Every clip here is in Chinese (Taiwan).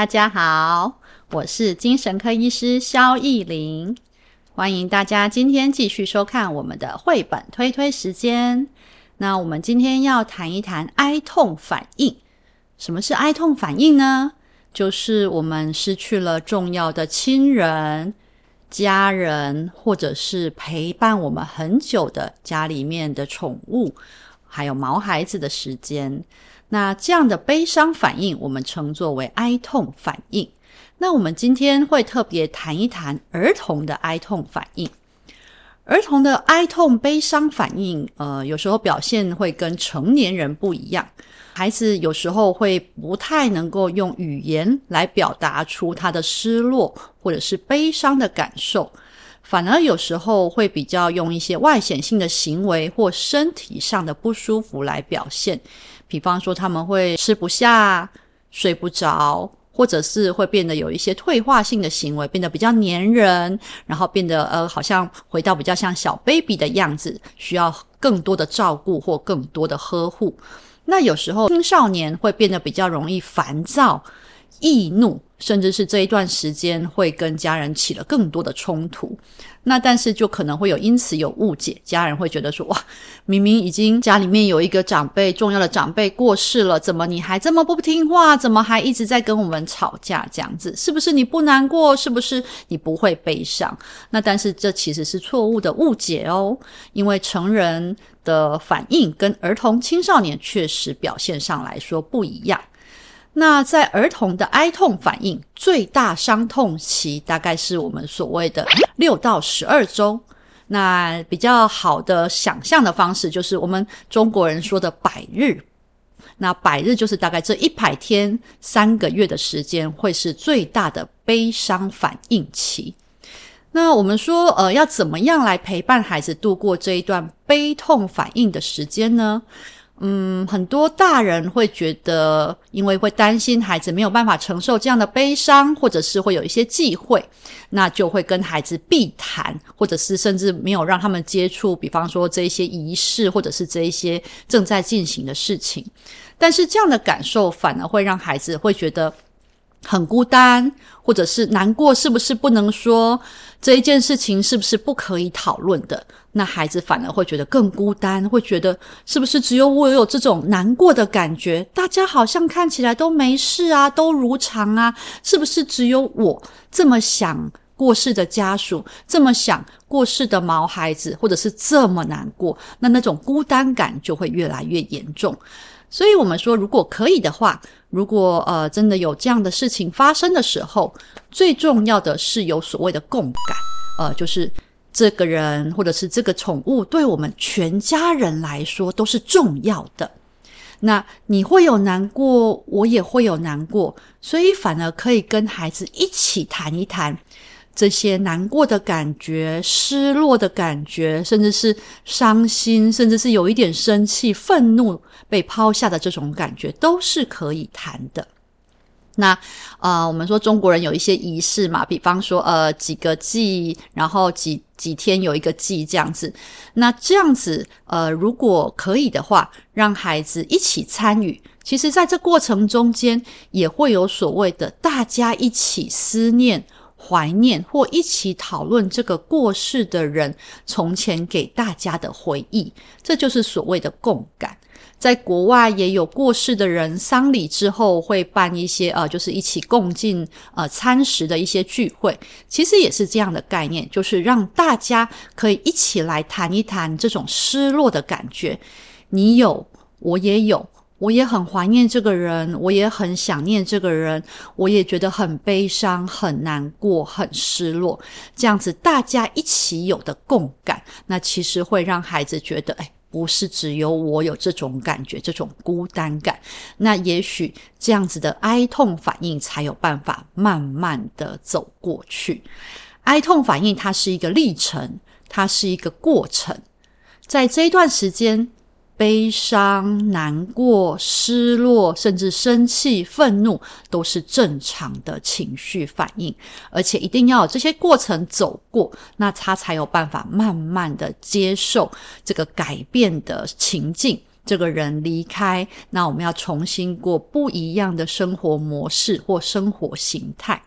大家好，我是精神科醫師蕭亦伶，歡迎大家今天繼續收看我們的繪本推推時間。那我們今天要談一談哀慟反應。什麼是哀慟反應呢？就是我們失去了重要的親人、家人，或者是陪伴我們很久的家裡面的寵物。還有毛孩子的時間，那這樣的悲傷反應，我們稱作為哀痛反應。那我們今天會特別談一談兒童的哀痛反應。兒童的哀痛悲傷反應，呃，有時候表現會跟成年人不一樣。孩子有時候會不太能夠用語言來表達出他的失落或者是悲傷的感受。反而有時候會比較用一些外顯性的行為或身體上的不舒服來表現，比方說他們會吃不下、睡不着，或者是會變得有一些退化性的行為，變得比較黏人，然後變得呃，好像回到比較像小 baby 的樣子，需要更多的照顧或更多的呵護。那有時候青少年會變得比較容易煩躁、易怒。甚至是這一段時間會跟家人起了更多的衝突，那但是就可能會有因此有誤解，家人會覺得說：哇，明明已經家裡面有一個長輩，重要的長輩過世了，怎麼你還這麼不聽話？怎麼還一直在跟我們吵架？這樣子是不是你不難過？是不是你不會悲傷？那但是這其實是錯誤的誤解哦，因為成人的反應跟兒童青少年確實表現上來說不一樣。那在兒童的哀慟反應最大傷痛期，大概是我們所謂的六到十二周。那比較好的想象的方式，就是我們中國人說的百日。那百日就是大概這一百天三個月的時間，會是最大的悲傷反應期。那我們說，呃，要怎麼樣來陪伴孩子度過這一段悲痛反應的時間呢？嗯，很多大人會覺得，因為會擔心孩子沒有辦法承受這樣的悲傷，或者是會有一些忌諱，那就會跟孩子避談，或者是甚至沒有讓他們接觸，比方說這一些儀式，或者是這一些正在進行的事情。但是這樣的感受反而會讓孩子會覺得很孤單，或者是難過，是不是不能說？這一件事情是不是不可以討論的？那孩子反而會覺得更孤單，會覺得是不是只有我有這種難過的感覺？大家好像看起來都沒事啊，都如常啊，是不是只有我這麼想過世的家屬，這麼想過世的毛孩子，或者是這麼難過？那那種孤單感就會越來越嚴重。所以我們說，如果可以的話，如果呃真的有這樣的事情發生的時候，最重要的是有所謂的共感，呃，就是這個人或者是這個寵物，對我們全家人來說都是重要的。那你會有難過，我也會有難過，所以反而可以跟孩子一起談一談。這些難過的感覺、失落的感覺，甚至是傷心，甚至是有一點生氣、憤怒，被拋下的這種感覺，都是可以談的。那呃，我們說中國人有一些儀式嘛，比方說呃幾個祭，然後幾幾天有一個祭這樣子。那這樣子呃，如果可以的話，讓孩子一起參與，其實在這過程中間也會有所謂的大家一起思念，懷念或一起討論這個過世的人從前給大家的回憶，這就是所謂的共感。在國外也有過世的人喪禮之後會辦一些呃，就是一起共進呃餐食的一些聚會，其實也是這樣的概念，就是讓大家可以一起來談一談這種失落的感覺。你有，我也有。我也很懷念這個人，我也很想念這個人，我也覺得很悲傷、很難過、很失落。這樣子大家一起有的共感，那其實會讓孩子覺得，哎，不是只有我有這種感覺，這種孤單感。那也許這樣子的哀慟反應才有辦法慢慢的走過去。哀慟反應它是一個歷程，它是一個過程，在這一段時間。悲傷、難過、失落，甚至生氣、憤怒，都是正常的情緒反應，而且一定要有這些過程走過，那他才有辦法慢慢的接受這個改變的情境。這個人離開，那我們要重新過不一樣的生活模式或生活形態。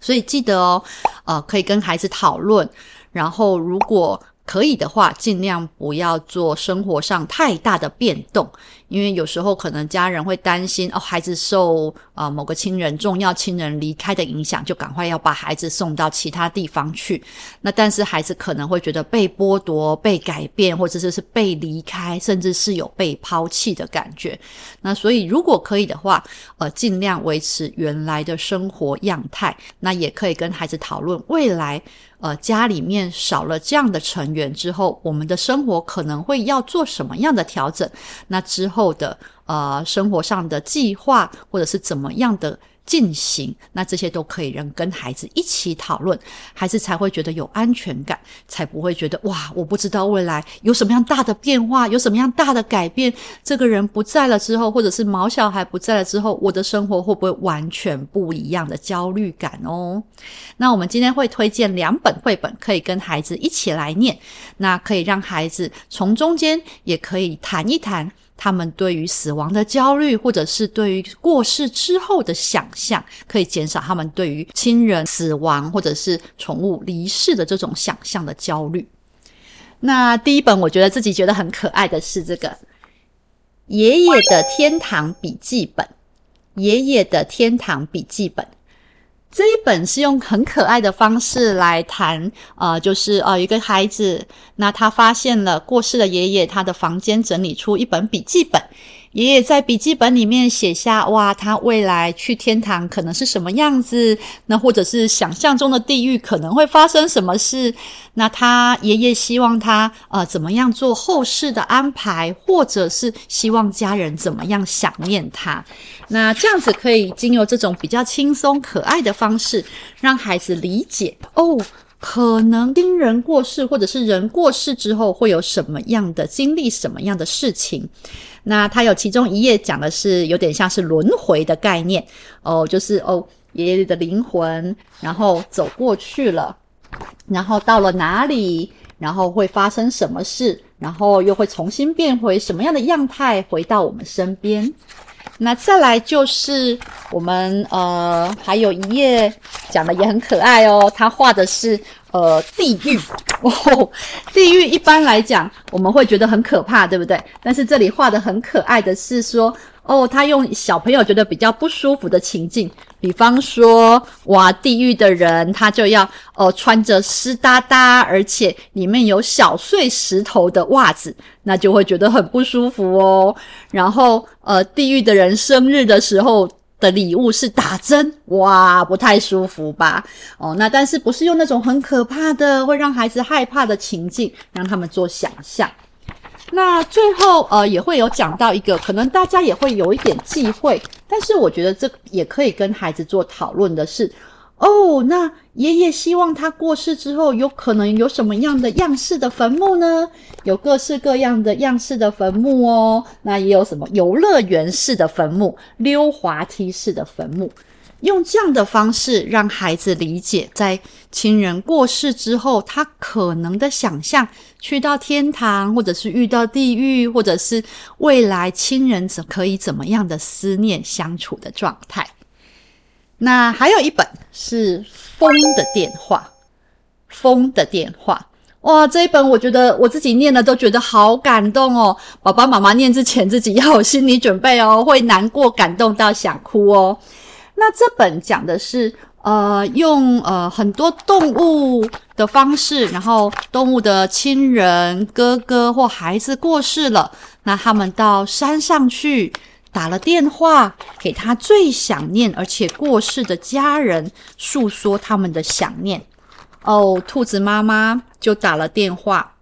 所以記得哦，呃，可以跟孩子討論，然後如果。可以的話，盡量不要做生活上太大的變動，因為有時候可能家人會擔心哦，孩子受啊、呃、某個親人、重要親人離開的影響，就趕快要把孩子送到其他地方去。那但是孩子可能會覺得被剝奪、被改變，或者是被離開，甚至是有被拋棄的感覺。那所以如果可以的話，呃，盡量維持原來的生活樣態。那也可以跟孩子討論未來。呃，家裡面少了這樣的成員之後，我們的生活可能會要做什麼樣的調整？那之後的呃，生活上的計劃或者是怎麼樣的？進行，那這些都可以讓跟孩子一起討論，孩子才會覺得有安全感，才不會覺得哇，我不知道未來有什麼樣大的變化，有什麼樣大的改變，這個人不在了之後，或者是毛小孩不在了之後，我的生活會不會完全不一樣的焦慮感哦。那我們今天會推薦兩本繪本，可以跟孩子一起來唸，那可以讓孩子從中間也可以談一談。他們對於死亡的焦慮，或者是對於過世之後的想象，可以減少他們對於親人死亡或者是寵物離世的這種想象的焦慮。那第一本我覺得自己覺得很可愛的是這個《爺爺的天堂筆記本》，《爺爺的天堂筆記本》。這一本是用很可愛的方式來談，呃，就是，呃，一個孩子，那他發現了過世的爺爺他的房間整理出一本筆記本。爺爺在筆記本裡面寫下：“哇，他未來去天堂可能是什麼樣子？那或者是想象中的地獄可能會發生什麼事？那他爺爺希望他呃怎麼樣做後事的安排，或者是希望家人怎麼樣想念他。那這樣子可以經由這種比較輕鬆可愛的方式，讓孩子理解哦。”可能親人過世，或者是人過世之後會有什麼樣的經歷、什麼樣的事情？那他有其中一頁講的是有點像是輪迴的概念哦，就是哦爺爺的靈魂，然後走過去了，然後到了哪裡，然後會發生什麼事，然後又會重新變回什麼樣的樣態，回到我們身邊。那再來就是我們呃，還有一頁講的也很可愛哦。他畫的是呃，地獄哦，地獄一般來講我們會覺得很可怕，對不對？但是這裡畫得很可愛的是說。哦，他用小朋友覺得比較不舒服的情境，比方說，哇，地獄的人他就要哦、呃、穿着濕噠噠，而且裡面有小碎石頭的襪子，那就會覺得很不舒服哦。然後，呃，地獄的人生日的時候的禮物是打針，哇，不太舒服吧？哦，那但是不是用那種很可怕的，會讓孩子害怕的情境，讓他們做想象那最後，呃，也會有講到一個，可能大家也會有一點忌諱，但是我覺得這也可以跟孩子做討論的是，哦，那爺爺希望他過世之後，有可能有什麼樣的樣式的墳墓呢？有各式各樣的樣式的墳墓哦，那也有什麼遊樂園式的墳墓、溜滑梯式的墳墓。用這樣的方式讓孩子理解，在親人過世之後，他可能的想象去到天堂，或者是遇到地獄，或者是未來親人可以怎麼樣的思念相處的狀態。那還有一本是《風的電話》，《風的電話》哇，這一本我覺得我自己念了都覺得好感動哦。爸爸媽媽念之前自己要有心理準備哦，會難過、感動到想哭哦。那這本講的是，呃，用，呃，很多動物的方式，然後動物的親人、哥哥或孩子過世了，那他們到山上去打了電話，給他最想念而且過世的家人訴說他們的想念。哦，兔子媽媽就打了電話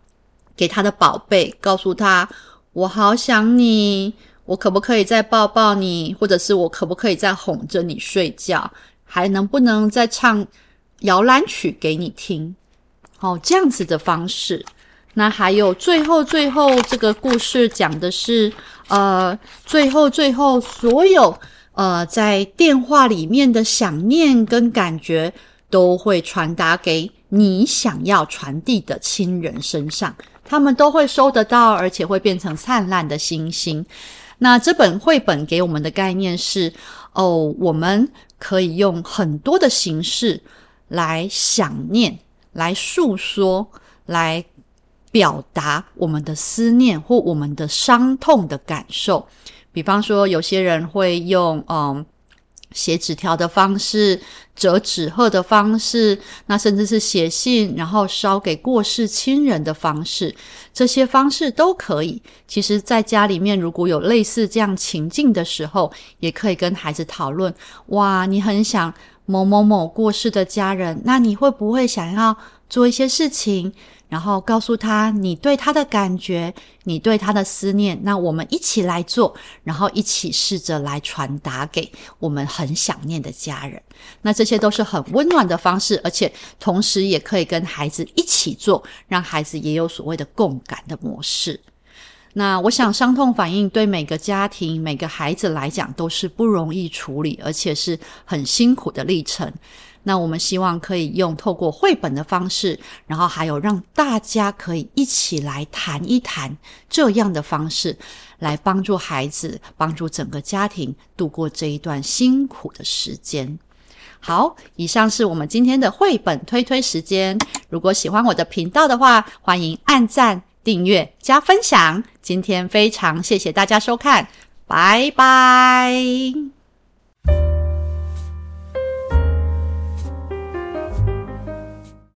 給他的寶貝，告訴他：“我好想你。”我可不可以再抱抱你？或者是我可不可以再哄着你睡覺？還能不能再唱搖籃曲給你聽？哦，這樣子的方式。那還有最後最後這個故事講的是，呃，最後最後所有呃在電話裡面的想念跟感覺，都會傳達給你想要傳遞的親人身上，他們都會收得到，而且會變成燦爛的星星。那這本繪本給我們的概念是，哦，我們可以用很多的形式來想念、來訴說、來表達我們的思念或我們的傷痛的感受。比方說，有些人會用嗯。寫紙條的方式，摺紙鶴的方式，那甚至是寫信，然後燒給過世親人的方式，這些方式都可以。其實，在家裡面如果有類似這樣情境的時候，也可以跟孩子討論：哇，你很想某某某過世的家人，那你會不會想要做一些事情？然後告訴他你對他的感覺，你對他的思念。那我們一起來做，然後一起試着來傳達給我們很想念的家人。那這些都是很溫暖的方式，而且同時也可以跟孩子一起做，讓孩子也有所謂的共感的模式。那我想，傷痛反應對每個家庭、每個孩子來講都是不容易處理，而且是很辛苦的歷程。那我們希望可以用透過繪本的方式，然後還有讓大家可以一起來談一談這樣的方式，來幫助孩子，幫助整個家庭度過這一段辛苦的時間。好，以上是我們今天的繪本推推時間。如果喜歡我的頻道的話，歡迎按讚、訂閱、加分享。今天非常謝謝大家收看，拜拜。